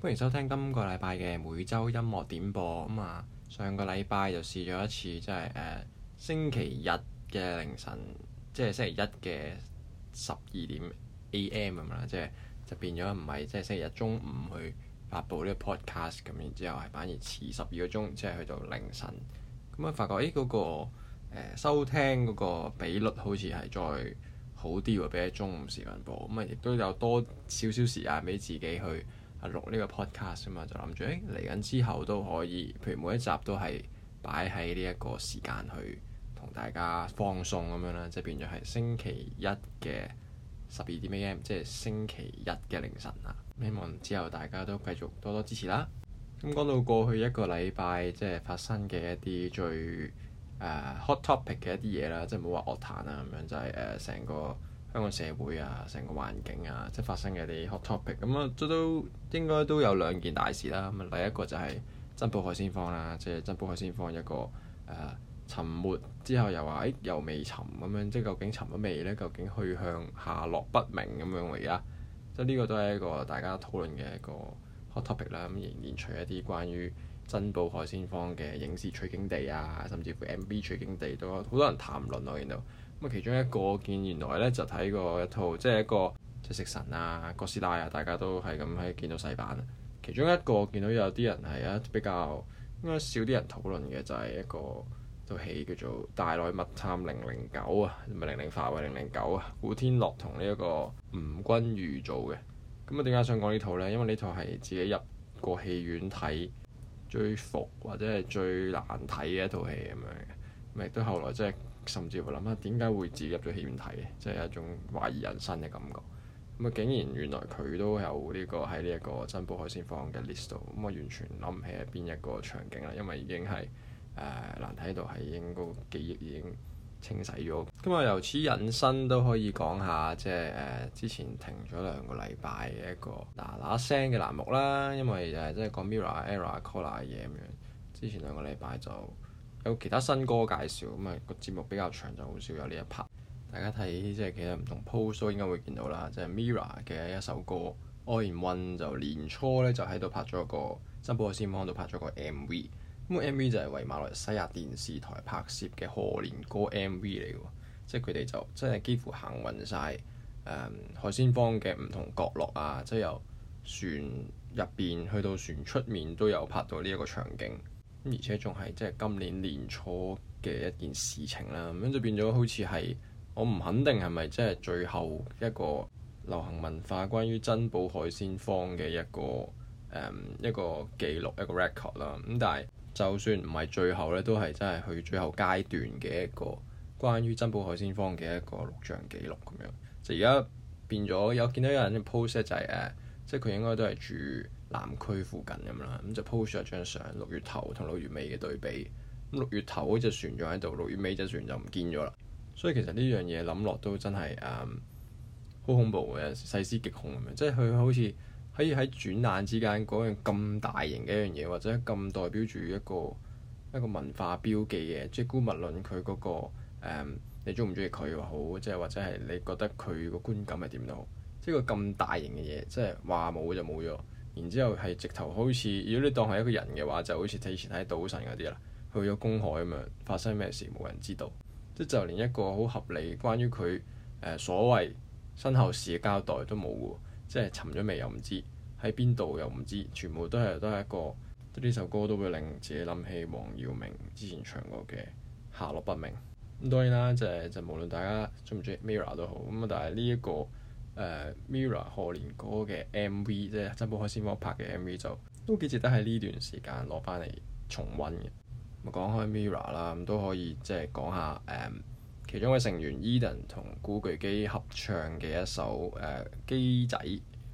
歡迎收聽今個禮拜嘅每周音樂點播咁啊。上個禮拜就試咗一次，即係誒、呃、星期日嘅凌晨，即係星期一嘅十二點 A.M. 咁啦，即係就變咗唔係即係星期日中午去發布呢個 podcast 咁，然之後係反而遲十二個鐘，即係去到凌晨咁啊、嗯。發覺誒嗰、那個、呃、收聽嗰個比率好似係再好啲喎，比起中午時間播咁啊，亦都有多少少時間俾自己去。啊錄呢個 podcast 啊嘛，就諗住誒嚟緊之後都可以，譬如每一集都係擺喺呢一個時間去同大家放送咁樣啦，即係變咗係星期一嘅十二點 AM，即係星期一嘅凌晨啊！希望之後大家都繼續多多支持啦。咁講到過去一個禮拜即係發生嘅一啲最誒、呃、hot topic 嘅一啲嘢啦，即係唔好話樂壇啊咁樣，就係誒成個，香港社會啊，成個環境啊，即係發生嘅啲 hot topic，咁、嗯、啊都都應該都有兩件大事啦。咁啊，第一個就係珍寶海鮮舫啦，即係珍寶海鮮舫。一個誒、呃、沉沒之後又話誒又未沉咁樣，即係究竟沉咗未咧？究竟去向下落不明咁樣。而家即係呢個都係一個大家討論嘅一個 hot topic 啦。咁仍然除一啲關於珍寶海鮮舫嘅影視取景地啊，甚至乎 MV 取景地都好多人談論啊，見到。咁其中一個見原來咧就睇、是、過一套，即係一個即、就是、食神啊、哥斯拉啊，大家都係咁喺見到洗版。其中一個見到有啲人係啊，比較應該少啲人討論嘅，就係、是、一個一套戲叫做《大內密探零零九》啊，唔係《零零八》還是《零零九》啊？古天樂同呢一個吳君如做嘅。咁啊，點解想講呢套呢？因為呢套係自己入過戲院睇最服或者係最難睇嘅一套戲咁樣嘅，咁，亦都後來即係～甚至乎諗下點解會自己入咗戲院睇嘅，即、就、係、是、一種懷疑人生嘅感覺。咁啊，竟然原來佢都有呢個喺呢一個珍寶海鮮舫嘅 list 度。咁我完全諗唔起係邊一個場景啦，因為已經係誒、呃、難睇到，係已經個記憶已經清洗咗。咁啊、嗯，由此引申都可以講下，即係誒之前停咗兩個禮拜嘅一個嗱嗱聲嘅欄目啦，因為誒即係講 MIRROR、ERROR、Collar 嘅嘢咁樣。之前兩個禮拜就有其他新歌介紹，咁啊個節目比較長，就好少有呢一 part。大家睇即係其實唔同 post 都應該會見到啦，即係 MIRROR 嘅一首歌《All in One》就年初咧就喺度拍咗個珍寶海鮮舫度拍咗個 MV。咁個 MV 就係為馬來西亞電視台拍攝嘅賀年歌 MV 嚟㗎，即係佢哋就真係幾乎行勻晒。誒、嗯、海鮮舫嘅唔同角落啊！即係由船入邊去到船出面都有拍到呢一個場景。而且仲係即係今年年初嘅一件事情啦，咁就變咗好似係我唔肯定係咪即係最後一個流行文化關於《珍寶海鮮坊》嘅一個誒、嗯、一個記錄一個 record 啦。咁但係就算唔係最後咧，都係真係去最後階段嘅一個關於《珍寶海鮮坊》嘅一個錄像記錄咁樣。就而家變咗有見到有人 post 就係、是、誒，即係佢應該都係住。南區附近咁啦，咁就 po 咗一張相。六月頭同六月尾嘅對比，咁六月頭嗰隻船仲喺度，六月尾隻船就唔見咗啦。所以其實呢樣嘢諗落都真係誒好恐怖嘅，細思極恐咁樣。即係佢好似可以喺轉眼之間，嗰樣咁大型嘅一樣嘢，或者咁代表住一個一個文化標記嘅《姑勿論、那個》嗯。佢嗰個你中唔中意佢又好，即係或者係你覺得佢個觀感係點都好，即係個咁大型嘅嘢，即係話冇就冇咗。然之後係直頭好似，如果你當係一個人嘅話，就好似提前喺《賭神》嗰啲啦，去咗公海啊嘛，發生咩事冇人知道，即就連一個好合理關於佢、呃、所謂身後事嘅交代都冇嘅，即係沉咗未又唔知喺邊度又唔知，全部都係都係一個，呢首歌都會令自己諗起黃耀明之前唱過嘅《下落不明》。咁當然啦，就係、就無論大家鍾唔鍾意 MIRROR 都好，咁啊，但係呢一個。MIRROR 賀年歌嘅 MV，即係《珍寶海鮮坊》拍嘅 MV，就都幾值得喺呢段時間攞翻嚟重温嘅。咁講開 MIRROR 啦，咁都可以即係講下誒、嗯、其中一位成員 Edan 同古巨基合唱嘅一首誒《基、嗯、仔》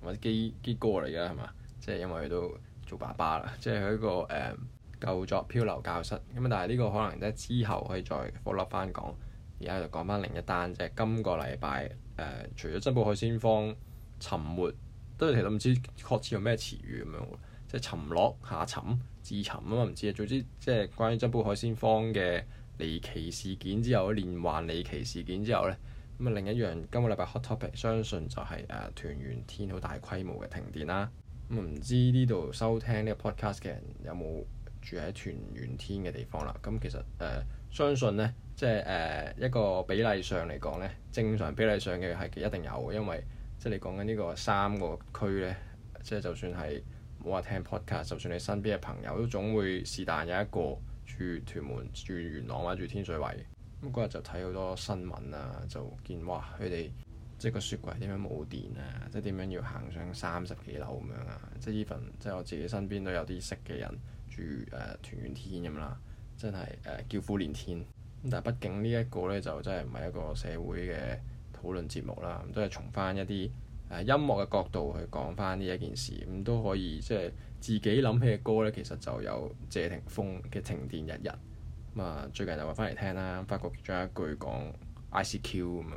或者基基歌嚟㗎係嘛？即係因為佢都做爸爸啦，即係佢一個誒、嗯、舊作飄流教室。咁但係呢個可能咧之後可以再 follow 翻講。而家就講翻另一單啫，即係今個禮拜。呃、除咗珍寶海鮮舫沉沒，都係其實唔知確似有咩詞語咁樣即係沉落、下沉、自沉啊嘛，唔知啊。總之，即係關於珍寶海鮮舫嘅離奇事件之後，連環離奇事件之後呢，咁、嗯、啊另一樣今個禮拜 hot topic，相信就係、是、誒、啊、屯元天好大規模嘅停電啦。咁、嗯、唔知呢度收聽呢個 podcast 嘅人有冇住喺屯元天嘅地方啦？咁其實誒、呃，相信呢。即係誒、呃、一個比例上嚟講呢，正常比例上嘅係一定有嘅，因為即係你講緊呢個三個區呢，即係就算係冇話聽 podcast，就算你身邊嘅朋友都總會是但有一個住屯門、住元朗或者住天水圍。咁嗰日就睇好多新聞啊，就見哇佢哋即係個雪櫃點樣冇電啊，即係點樣要行上三十幾樓咁樣啊。即 even，即係我自己身邊都有啲識嘅人住誒、呃、團圓天咁啦，真係誒、呃、叫苦連天。但係畢竟呢一個呢，就真係唔係一個社會嘅討論節目啦，都係從翻一啲、呃、音樂嘅角度去講翻呢一件事，咁、嗯、都可以即係自己諗起嘅歌呢，其實就有謝霆鋒嘅《停電日日》。咁啊，最近就話翻嚟聽啦，發覺其中一句講 I C Q 咁啊，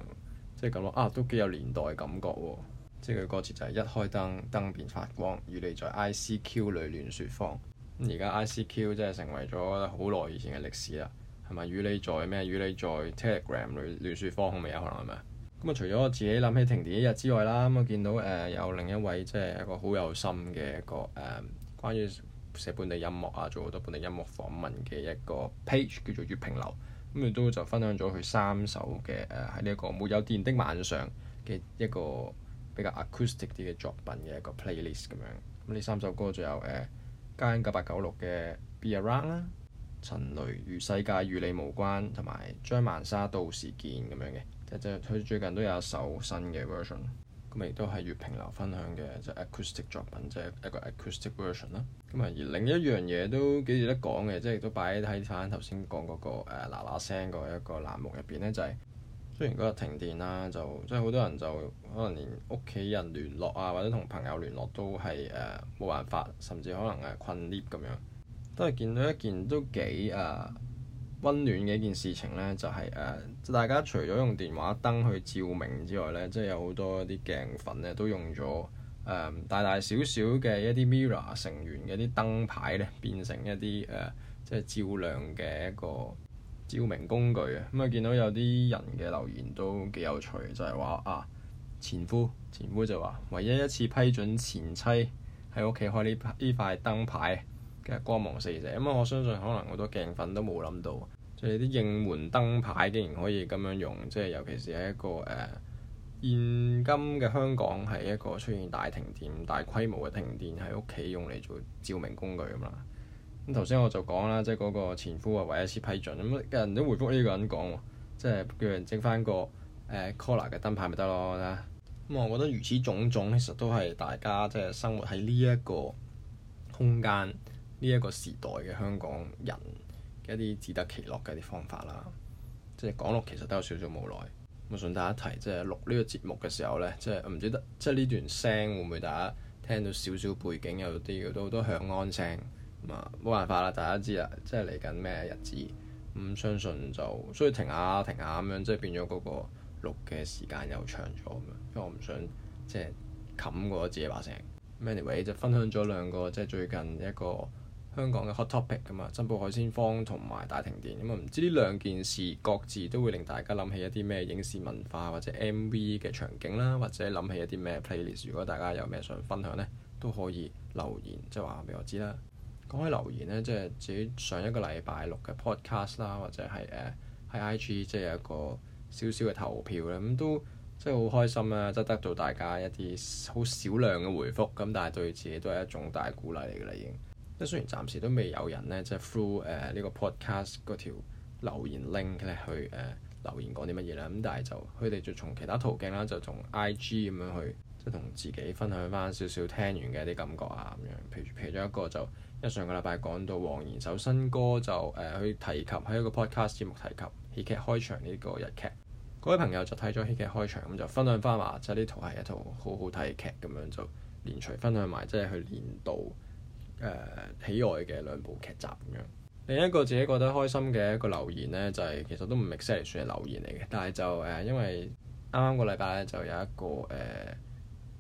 即係咁咯，啊都幾有年代感覺喎、啊。即係佢歌詞就係一開燈，燈變發光，與你在 I C Q 裏亂說謊。而、嗯、家 I C Q 真係成為咗好耐以前嘅歷史啦。係咪與你在咩？與你在 Telegram 裏亂説方，可唔有可能係咪？咁、嗯、啊，除咗我自己諗起停電一日之外啦，咁、嗯、啊見到誒、呃、有另一位即係一個好有心嘅一個誒、嗯，關於寫本地音樂啊，做好多本地音樂訪問嘅一個 page 叫做月平流，咁、嗯、啊都就分享咗佢三首嘅誒喺呢一個沒有電的晚上嘅一個比較 acoustic 啲嘅作品嘅一個 playlist 咁樣。咁、嗯、呢、嗯、三首歌仲有誒嘉欣九八九六嘅 Be Around 啦。神雷與世界與你無關，同埋張蔓莎到時見咁樣嘅，即即佢最近都有一首新嘅 version，咁亦都係月平流分享嘅，即、就係、acoustic 作品，即、就係、一個 acoustic version 啦。咁啊，而另一樣嘢都幾值得講嘅，即係亦都擺喺睇喺頭先講嗰個嗱嗱、呃呃呃呃、聲個一個欄目入邊咧，就係雖然嗰日停電啦，就，就即係好多人就可能連屋企人聯絡啊，或者同朋友聯絡都係誒冇辦法，甚至可能誒困 lift 咁樣。都係見到一件都幾啊溫暖嘅一件事情咧，就係誒大家除咗用電話燈去照明之外咧，即係有好多啲鏡粉咧都用咗誒大大小小嘅一啲 mirror 成員嘅啲燈牌咧，變成一啲誒即係照亮嘅一個照明工具啊！咁啊，見到有啲人嘅留言都幾有趣，就係話啊前夫，前夫就話唯一一次批准前妻喺屋企開呢呢塊燈牌。光芒四射，咁啊！我相信可能好多鏡粉都冇諗到，即係啲應援燈牌竟然可以咁樣用，即係尤其是喺一個誒現今嘅香港係一個出現大停電、大規模嘅停電，喺屋企用嚟做照明工具咁啦。咁頭先我就講啦，即係嗰個前夫啊維斯批准，咁人都回覆呢個人講，即係叫人整翻個誒 Color 嘅燈牌咪得咯啦。咁我覺得如此種種，其實都係大家即係生活喺呢一個空間。呢一個時代嘅香港人嘅一啲自得其樂嘅一啲方法啦，即係講落其實都有少少無奈。咁順帶一提，即係錄呢個節目嘅時候呢，即係唔知得即係呢段聲會唔會大家聽到少少背景有啲都好多響安聲咁啊，冇辦法啦，大家知啦，即係嚟緊咩日子咁，相信就所以停下停下咁樣，即係變咗嗰個錄嘅時間又長咗咁樣，因為我唔想即係冚過自己把聲。Anyway 就分享咗兩個即係最近一個。香港嘅 hot topic 啊嘛，珍寶海鮮坊同埋大停電咁啊，唔、嗯、知呢兩件事各自都會令大家諗起一啲咩影視文化或者 M V 嘅場景啦，或者諗起一啲咩 playlist。如果大家有咩想分享呢，都可以留言即係話俾我知啦。講起留言呢，即係自己上一個禮拜六嘅 podcast 啦，或者係誒喺 I G 即係有一個少少嘅投票咧，咁、嗯、都即係好開心啊，即係得到大家一啲好少量嘅回覆咁，但係對自己都係一種大鼓勵嚟㗎啦，已經。即雖然暫時都未有人咧，即係 through 誒、uh, 呢個 podcast 嗰條留言 link 咧去誒、uh, 留言講啲乜嘢啦，咁但係就佢哋就從其他途徑啦，就從 IG 咁樣去即係同自己分享翻少少聽完嘅啲感覺啊咁樣。譬如其中一個就，一上個禮拜講到黃妍首新歌就誒、uh, 去提及喺一個 podcast 節目提及喜劇開場呢個日劇，嗰位朋友就睇咗喜劇開場咁就分享翻嘛，即係呢套係一套好好睇嘅劇咁樣就連隨分享埋即係去年度。誒、呃、喜愛嘅兩部劇集咁樣，另一個自己覺得開心嘅一個留言呢，就係、是、其實都唔係寫嚟算係留言嚟嘅，但係就誒、呃，因為啱啱個禮拜咧就有一個誒、呃，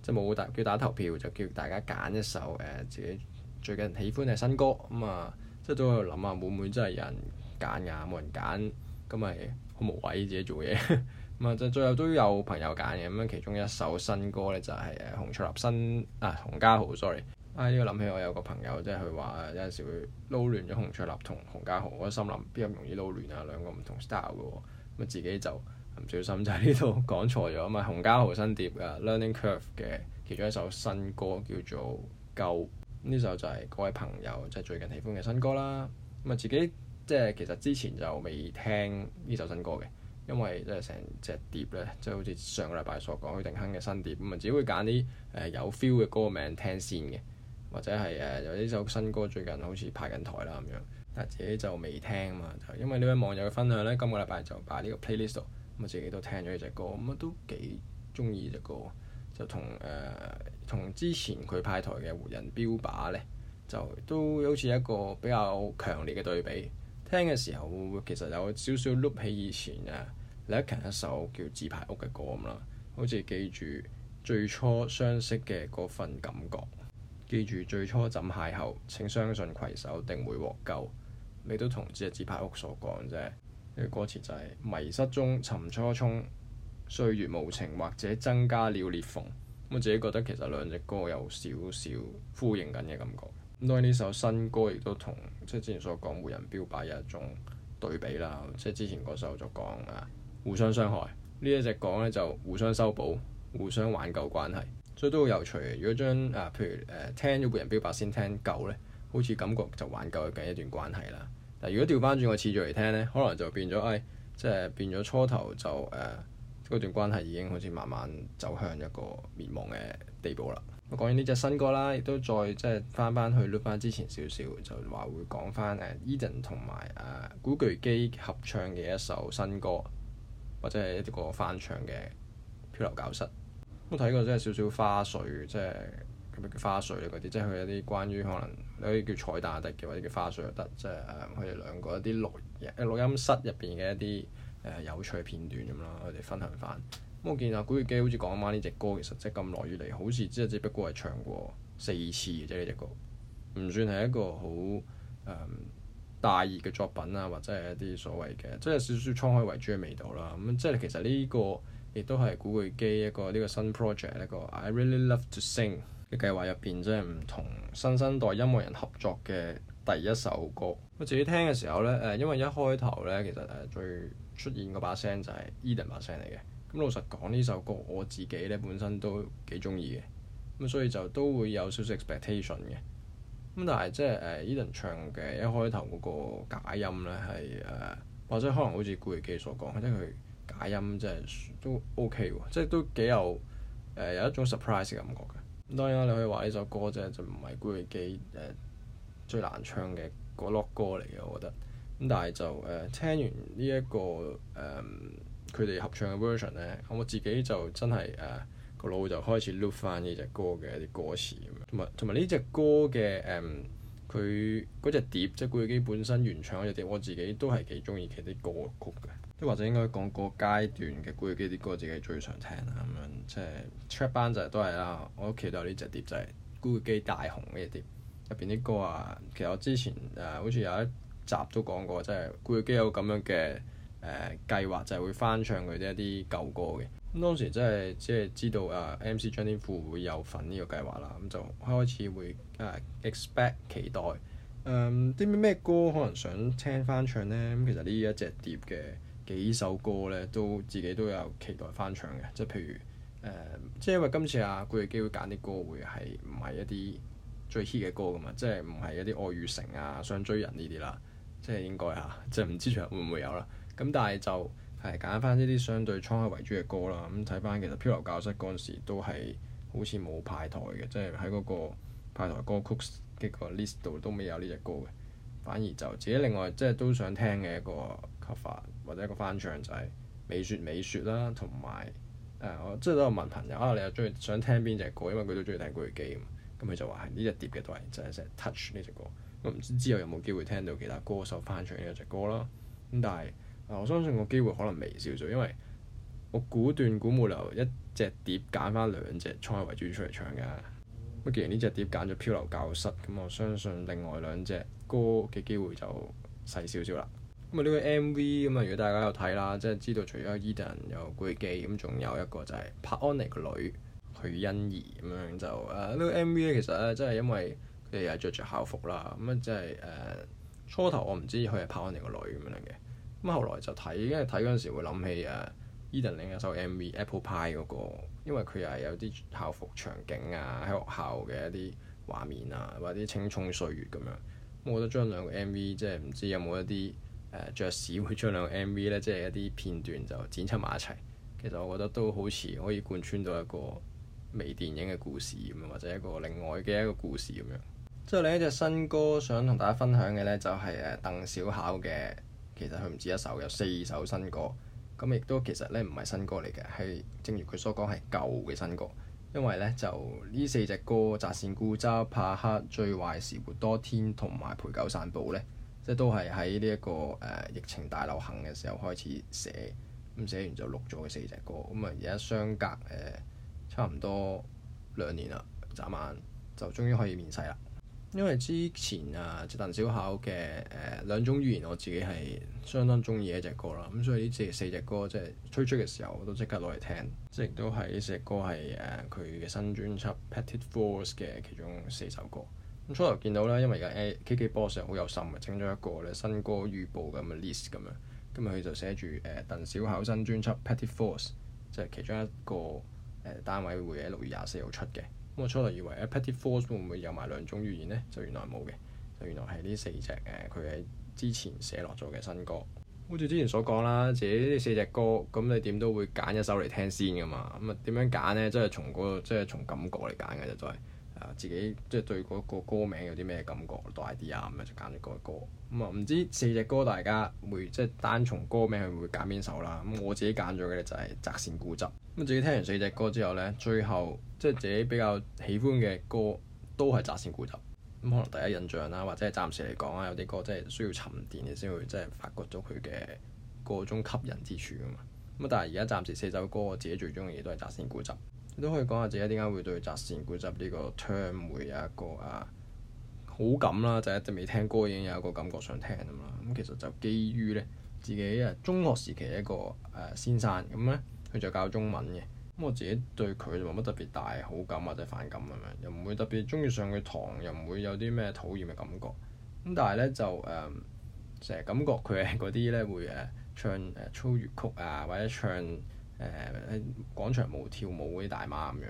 即係冇叫打投票，就叫大家揀一首誒、呃、自己最近喜歡嘅新歌咁、嗯、啊，即係都喺度諗啊，會唔會真係有人揀㗎？冇人揀，咁咪好無謂自己做嘢咁啊！就、嗯、最後都有朋友揀嘅咁樣，其中一首新歌呢，就係、是、誒、呃、洪卓立新啊，洪嘉豪，sorry。呢、哎呢個諗起我有個朋友，即係佢話有陣時會撈亂咗洪卓立同洪嘉豪，我心諗邊咁容易撈亂啊？兩個唔同 style 嘅，咁、嗯、啊自己就唔小心就喺呢度講錯咗啊嘛！洪嘉豪新碟嘅《Learning Curve》嘅其中一首新歌叫做 Go、嗯《救》，呢首就係各位朋友即係、就是、最近喜歡嘅新歌啦。咁、嗯、啊、嗯、自己即係、就是、其實之前就未聽呢首新歌嘅，因為即係成隻碟咧，即、就、係、是、好似上個禮拜所講，許廷鏗嘅新碟咁啊，嗯嗯、自己會揀啲誒有 feel 嘅歌名聽先嘅。或者係誒有呢首新歌，最近好似派緊台啦咁樣，但自己就未聽嘛。就因為呢位網友嘅分享呢，今個禮拜就擺呢個 playlist 度，咁自己都聽咗呢隻歌，咁啊都幾中意呢隻歌。就同誒同之前佢派台嘅活人標靶呢，就都有好似一個比較強烈嘅對比。聽嘅時候，會唔會其實有少少碌起以前誒李克勤一首叫《自排屋》嘅歌咁啦，好似記住最初相識嘅嗰份感覺。記住最初怎邂逅，請相信攜手定會獲救。你都同紙牌屋所講啫，啲歌詞就係、是、迷失中尋初衷，歲月無情或者增加了裂縫。咁我自己覺得其實兩隻歌有少少呼應緊嘅感覺。咁當然呢首新歌亦都同即係之前所講無人標白有一種對比啦。即係之前嗰首就講啊互相傷害，一呢一隻講咧就互相修補、互相挽救關係。所以都好有趣。如果將啊，譬如誒、呃、聽咗個人表白先聽夠呢，好似感覺就挽救緊一段關係啦。但如果調翻轉個次序嚟聽呢，可能就變咗，誒、哎、即係變咗初頭就誒嗰、呃、段關係已經好似慢慢走向一個滅亡嘅地步啦。講完呢隻新歌啦，亦都再即係翻翻去 look 翻之前少少，就話會講翻誒 Edan 同埋誒、呃、古巨基合唱嘅一首新歌，或者係一個翻唱嘅《飄流教室》。咁睇過真係少少花絮，即係叫咩花絮咧？嗰啲即係佢一啲關於可能你可以叫彩蛋又得，或者叫花絮又得，即係佢哋兩個一啲錄錄音室入邊嘅一啲誒、呃、有趣嘅片段咁咯，我哋分享翻。咁我見阿古巨基好似講啊呢隻歌，其實即係咁耐以嚟，好似即只只不過係唱過四次嘅啫，呢隻歌唔算係一個好誒、嗯、大熱嘅作品啊，或者係一啲所謂嘅，即係少少滄海遺珠嘅味道啦。咁即係其實呢、呢個。亦都係古巨基一個呢個新 project 一個 I really love to sing 嘅計劃入邊，即係唔同新生代音樂人合作嘅第一首歌。我自己聽嘅時候呢，誒，因為一開頭呢，其實誒最出現嗰把聲就係 Edan 把聲嚟嘅。咁老實講呢首歌我自己呢，本身都幾中意嘅，咁所以就都會有少少 expectation 嘅。咁但係即係 Edan 唱嘅一開頭嗰個假音呢，係誒或者可能好似古巨基所講，即係佢假音真係都 O K 喎，即係都幾有誒、呃、有一種 surprise 嘅感覺嘅。咁當然啦、啊，你可以話呢首歌真係就唔係古巨基誒最難唱嘅嗰攞歌嚟嘅，我覺得。咁但係就誒、呃、聽完呢、這、一個誒佢哋合唱嘅 version 咧，我自己就真係誒個腦就開始 look 翻呢隻歌嘅一啲歌詞咁啊，同埋呢隻歌嘅誒佢嗰隻碟即係古巨基本身原唱嗰隻碟，我自己都係幾中意佢啲歌曲嘅。即或者應該講個階段嘅古巨基啲歌自己最常聽啦，咁樣即係 trap band 就係都係啦。我屋企都有呢隻碟就仔、是，古巨基大紅嘅、這個、碟，入邊啲歌啊。其實我之前誒、啊、好似有一集都講過，即係古巨基有咁樣嘅誒、呃、計劃，就係會翻唱佢啲一啲舊歌嘅。咁、嗯、當時真係即係知道誒、啊、M C 張天賦會有份呢個計劃啦，咁、嗯、就開始會誒、啊、expect 期待。誒啲咩歌可能想聽翻唱咧？咁其實呢一隻碟嘅。幾首歌咧，都自己都有期待翻唱嘅，即係譬如誒、呃，即係因為今次啊，古巨基會揀啲歌，會係唔係一啲最 hit 嘅歌噶嘛？即係唔係一啲愛與誠啊、想追人呢啲啦？即係應該吓、啊，即係唔知場會唔會有啦。咁但係就係揀翻呢啲相對艱刻為主嘅歌啦。咁睇翻其實飄流教室嗰陣時都係好似冇派台嘅，即係喺嗰個派台歌曲嘅個 list 度都未有呢隻歌嘅，反而就自己另外即係都想聽嘅一個 cover。或者一個翻唱就係美雪美雪啦，同埋誒，我即係都有問朋友啊，你又中意想聽邊隻歌？因為佢都中意聽《佢嘅 Game》，咁佢就話、是、係呢隻碟嘅都係就係成日 Touch 呢隻歌。咁、嗯、唔知之後有冇機會聽到其他歌手翻唱呢隻歌啦。咁、嗯、但係、呃、我相信個機會可能微少少，因為我估斷古冇理由一隻碟揀返兩隻菜為主出嚟唱㗎。咁、嗯、既然呢隻碟揀咗《飄流教室》，咁、嗯、我相信另外兩隻歌嘅機會就細少少啦。咁啊，呢個 M V 咁啊，如果大家有睇啦，即係知道除咗 Eden 有古巨基，咁仲有一個就係柏安妮個女許欣怡咁樣，就誒呢、啊這個 M V 咧，其實咧即係因為佢哋又着著校服啦，咁、就是、啊即係誒初頭我唔知佢係柏安妮個女咁樣嘅。咁啊，後來就睇，因為睇嗰陣時會諗起誒、啊、Eden 另一首 M V Apple Pie 嗰、那個，因為佢又係有啲校服場景啊，喺學校嘅一啲畫面啊，或者青葱歲月咁樣。咁我覺得將兩個 M V 即係唔知有冇一啲。誒爵士會將兩個 MV 呢即係一啲片段就剪出埋一齊，其實我覺得都好似可以貫穿到一個微電影嘅故事咁，或者一個另外嘅一個故事咁樣。之後另一隻新歌想同大家分享嘅呢，就係誒鄧小巧嘅。其實佢唔止一首，有四首新歌。咁亦都其實呢，唔係新歌嚟嘅，係正如佢所講係舊嘅新歌。因為呢，就呢四隻歌就《擇善固執》、《怕黑》最壞《最壞時活多天》同埋《陪狗散步》呢。即都係喺呢一個誒、呃、疫情大流行嘅時候開始寫，咁、嗯、寫完就錄咗四隻歌，咁啊而家相隔誒、呃、差唔多兩年啦，眨眼就終於可以面世啦。因為之前啊，鄧小巧嘅誒兩種語言我自己係相當中意一隻歌啦，咁、嗯、所以呢四四隻歌即係推出嘅時候我都即刻攞嚟聽，即係都係呢四隻歌係誒佢嘅新專輯《Petit Force》嘅其中四首歌。咁初頭見到啦，因為而家 KKBOX 好有心啊，整咗一個咧新歌預報咁嘅 list 咁樣。今日佢就寫住誒、呃、鄧小巧新專輯《Petty Force》，即係其中一個誒、呃、單位會喺六月廿四號出嘅。咁我初頭以為呃《Petty Force》會唔會有埋兩種語言咧，就原來冇嘅，就原來係呢四隻誒佢喺之前寫落咗嘅新歌。好似之前所講啦，自己呢四隻歌咁，你點都會揀一首嚟聽先㗎嘛？咁啊點樣揀咧？即係從嗰個，即係從感覺嚟揀嘅啫，都係。自己即係對嗰個歌名有啲咩感覺大啲啊？咁樣就揀咗嗰個歌。咁啊唔知四隻歌大家會即係單從歌名去會揀邊首啦？咁、嗯、我自己揀咗嘅就係、是《擇善固執》。咁、嗯、自己聽完四隻歌之後咧，最後即係自己比較喜歡嘅歌都係《擇善固執》。咁可能第一印象啦，或者係暫時嚟講啊，有啲歌真係需要沉澱嘅先會即係發掘咗佢嘅個中吸引之處啊嘛。咁、嗯、但係而家暫時四首歌我自己最中意都係《擇善固執》。你都可以講下自己點解會對擇善固執呢個 term 會有一個啊好感啦，就一直未聽歌已經有一個感覺想聽咁啦。咁、嗯、其實就基於咧，自己啊中學時期一個誒、呃、先生咁咧，佢、嗯、就教中文嘅。咁、嗯、我自己對佢冇乜特別大好感或者反感咁樣、嗯，又唔會特別中意上佢堂，又唔會有啲咩討厭嘅感覺。咁、嗯、但係咧就誒，成、嗯、日感覺佢係嗰啲咧會誒、啊、唱誒、啊、粗粵曲啊或者唱。誒喺、呃、廣場舞跳舞嗰啲大媽咁樣，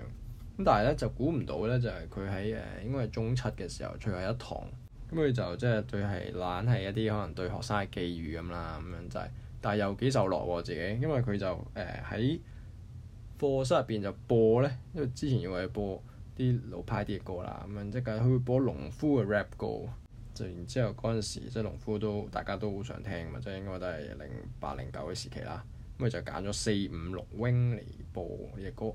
咁但係咧就估唔到咧，就係佢喺誒應該係中七嘅時候最後一堂，咁佢就即係對係懶係一啲可能對學生嘅寄語咁啦，咁樣就係、是，但係又幾受落喎自己，因為佢就誒喺、呃、課室入邊就播咧，因為之前以為播啲老派啲嘅歌啦，咁樣即係佢會播農夫嘅 rap 歌，就然之後嗰陣時即係、就是、農夫都大家都好想聽，咁即係應該都係零八零九嘅時期啦。咁咪就係揀咗四五六 wing 嚟播呢隻歌，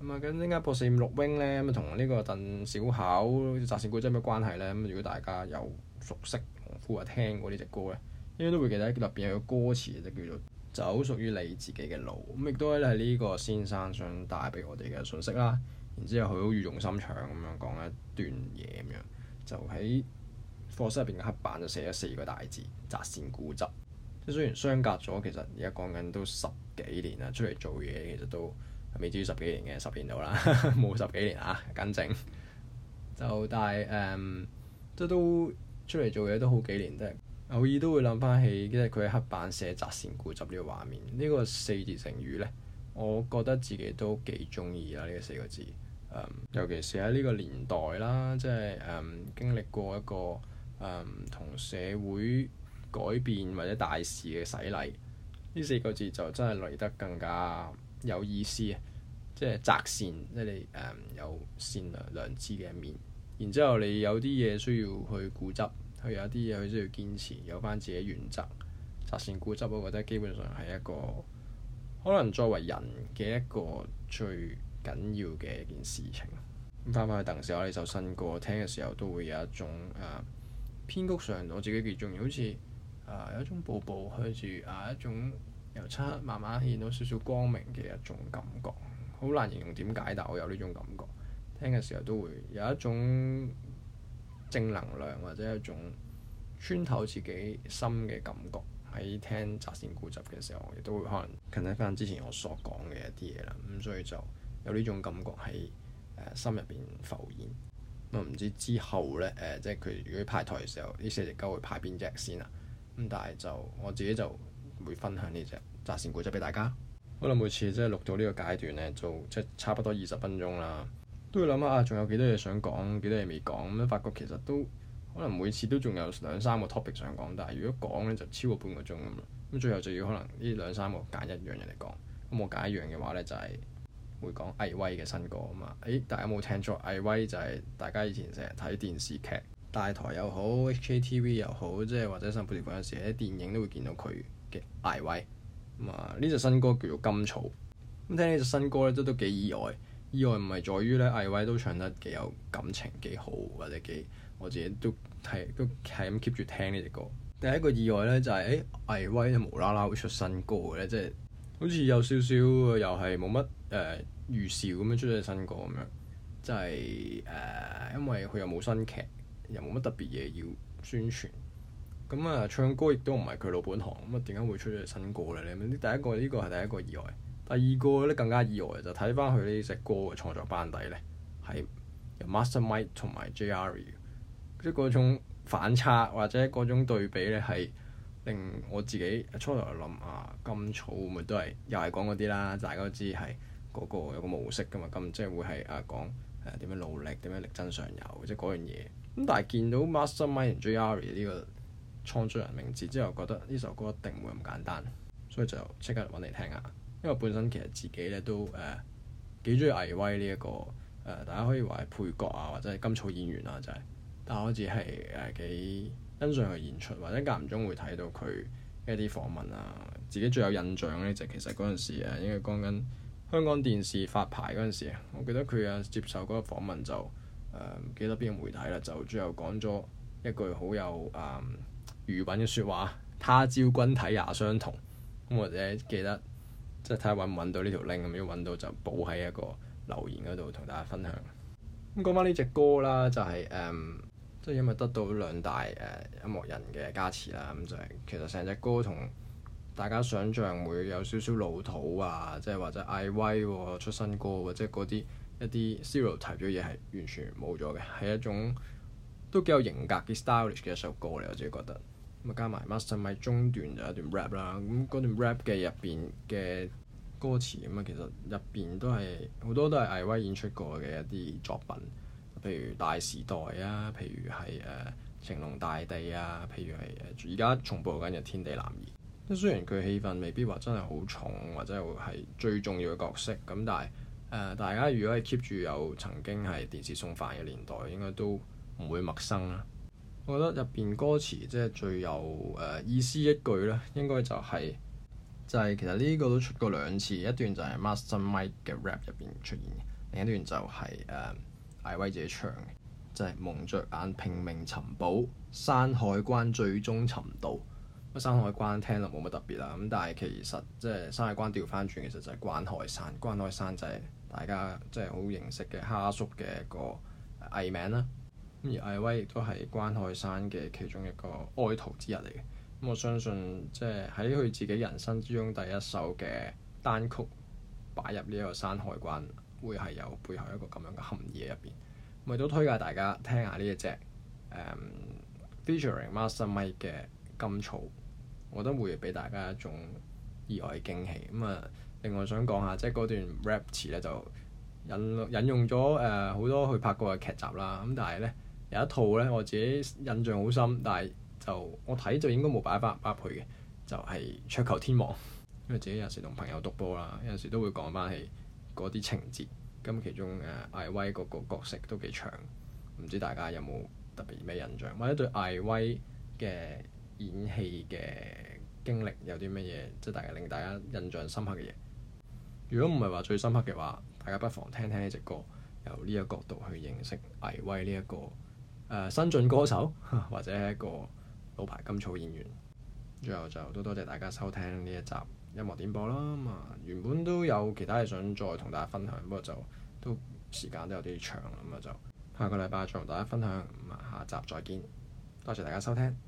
咁啊跟點解播四五六 wing 呢？咁同呢個鄧小巧擇善固執有咩關係呢？咁如果大家有熟悉，農夫啊聽過呢隻歌呢，應該都會記得入邊有個歌詞就叫做走屬於你自己嘅路。咁亦、嗯、都係呢個先生想帶俾我哋嘅信息啦。然之後佢好語重心長咁樣講一段嘢咁樣，就喺課室入邊嘅黑板就寫咗四個大字：擇善固執。雖然相隔咗，其實而家講緊都十幾年啦。出嚟做嘢其實都未至於十幾年嘅十年到啦，冇 十幾年啊，僅正，就但係誒、嗯，都都出嚟做嘢都好幾年，即係偶爾都會諗返起，即係佢喺黑板寫擇善固執呢個畫面。呢、這個四字成語呢，我覺得自己都幾中意啦。呢、這個、四個字、嗯、尤其是喺呢個年代啦，即係誒、嗯、經歷過一個誒、嗯、同社會改變或者大事嘅洗禮，呢四個字就真係嚟得更加有意思啊！即係擇善，即係你誒有善良良知嘅一面。然之後，你有啲嘢需要去固執，佢有一啲嘢佢需要堅持，有翻自己原則。擇善固執，我覺得基本上係一個可能作為人嘅一個最緊要嘅一件事情。翻返去鄧小巧呢首新歌，聽嘅時候都會有一種誒、啊、編曲上我自己幾中意，好似～啊，有一種步步向住啊，有一種由漆黑慢慢見到少少光明嘅一種感覺，好難形容點解，但我有呢種感覺。聽嘅時候都會有一種正能量，或者一種穿透自己心嘅感覺。喺聽《擇善固執》嘅時候，我亦都會可能 connect 返之前我所講嘅一啲嘢啦。咁所以就有呢種感覺喺誒、呃、心入邊浮現。咁、嗯、唔知之後咧誒、呃，即係佢如果排台嘅時候，呢四隻歌會排邊隻先啊？咁但係就我自己就會分享呢隻扎線故仔俾大家。 可能每次即係錄到呢個階段咧，就即係差不多二十分鐘啦。都要諗下啊，仲有幾多嘢想講，幾多嘢未講。咁、嗯、樣發覺其實都可能每次都仲有兩三個 topic 想講，但係如果講咧就超過半個鐘，咁，咁最後就要可能呢兩三個揀一樣嘢嚟講。咁、嗯、我揀一樣嘅話咧就係、是、會講艾威嘅新歌啊嘛。誒，大家有冇聽錯艾 威？就係大家以前成日睇電視劇。大台又好，HKTV 又好，即係或者甚至乎有時喺電影都會見到佢嘅艾威。咁啊，呢隻新歌叫做《甘草》。咁、嗯、聽呢隻新歌咧，都都幾意外。意外唔係在於咧，艾威都唱得幾有感情、幾好或者幾，我自己都係都係咁 keep 住聽呢隻歌。第一個意外咧就係、是，誒，艾威就無啦啦會出新歌嘅咧，即係好似有少少又係冇乜誒預兆咁樣出咗隻新歌咁樣，即係誒，因為佢又冇新劇。又冇乜特別嘢要宣傳咁啊！唱歌亦都唔係佢老本行咁啊，點解會出咗新歌咧？咧，第一個呢個係第一個意外，第二個咧更加意外就睇返佢呢隻歌嘅創作班底咧，係由 MastaMic 同埋 J.Arie 即係嗰種反差或者嗰種對比咧，係令我自己初頭諗啊，甘草咪都係又係講嗰啲啦，大家都知係嗰、那個有個模式㗎嘛，咁即係會係啊講誒點、啊、樣努力，點樣力爭上游，即係嗰樣嘢。咁但係見到 MastaMic、J.Arie 呢個創作人名字之後，覺得呢首歌一定唔會咁簡單，所以就即刻揾你聽下。因為本身其實自己咧都誒幾中意艾威呢、這、一個誒、呃，大家可以話係配角啊，或者係甘草演員啊，就係、是、但係好似係誒幾欣賞佢演出，或者間唔中會睇到佢一啲訪問啊。自己最有印象咧，就是、其實嗰陣時誒，應該講緊香港電視發牌嗰陣時啊，我記得佢啊接受嗰個訪問就。誒、嗯、記得邊個媒體啦，就最後講咗一句好有誒餘、嗯、韻嘅説話：他朝君體也相同。咁或者記得，即係睇下揾唔揾到呢條 link，咁要揾到就補喺一個留言嗰度同大家分享。咁、嗯、講翻呢隻歌啦，就係、是、誒，即、嗯、係、就是、因為得到兩大誒、嗯、音樂人嘅加持啦，咁、嗯、就係、是、其實成隻歌同大家想象會有少少老土啊，即、就、係、是、或者艾威喎、啊、出新歌或者嗰啲。就是一啲 serial type 咗嘢係完全冇咗嘅，係一種都幾有型格嘅 stylish 嘅一首歌嚟，我自己覺得。咁啊加埋 MastaMic 中段就一段 rap 啦，咁嗰段 rap 嘅入邊嘅歌詞咁啊，其實入邊都係好多都係艾威演出過嘅一啲作品，譬如《大時代》啊，譬如係誒、呃《情濃大地》啊，譬如係誒而家重播緊嘅《天地男兒》。咁雖然佢戲份未必話真係好重，或者係最重要嘅角色，咁但係。誒、呃，大家如果係 keep 住有曾經係電視送飯嘅年代，應該都唔會陌生啦。我覺得入邊歌詞即係最有誒、呃、意思一句咧，應該就係、是、就係、是、其實呢個都出過兩次，一段就係 MastaMic 嘅 rap 入邊出現嘅，另一段就係誒艾威自己唱嘅，就係、是、蒙着眼拼命尋寶，山海關最終尋到。咁山海關聽落冇乜特別啦。咁但係其實即係、就是、山海關調翻轉，其實就係關海山，關海山就係、是。大家即係好認識嘅蝦叔嘅個藝名啦，咁而艾威亦都係關海山嘅其中一個愛徒之一嚟嘅，咁我相信即係喺佢自己人生之中第一首嘅單曲擺入呢一個山海關，會係有背後一個咁樣嘅含義喺入邊，咁亦都推介大家聽下呢一隻誒 featuring MastaMic 嘅《嗯、甘草》，我覺得會俾大家一種意外嘅驚喜，咁啊～另外想講下，即係嗰段 rap 詞咧，就引引用咗誒好多去拍過嘅劇集啦。咁但係咧有一套咧，我自己印象好深，但係就我睇就應該冇擺翻入去嘅，就係桌球天王。 因為自己有時同朋友督波啦，有陣時都會講翻係嗰啲情節。咁其中誒艾威嗰個角色都幾長，唔知大家有冇特別咩印象，或者對艾威嘅演戲嘅經歷有啲咩嘢，即係大概令大家印象深刻嘅嘢？如果唔係話最深刻嘅話，大家不妨聽聽呢隻歌，由呢一個角度去認識艾威呢、這、一個、呃、新進歌手， 或者係一個老牌甘草演員。最後就都多謝大家收聽呢一集音樂點播啦。咁、嗯、啊，原本都有其他嘢想再同大家分享，不過就都時間都有啲長咁啊、嗯，就下個禮拜再同大家分享，下集再見。多謝大家收聽。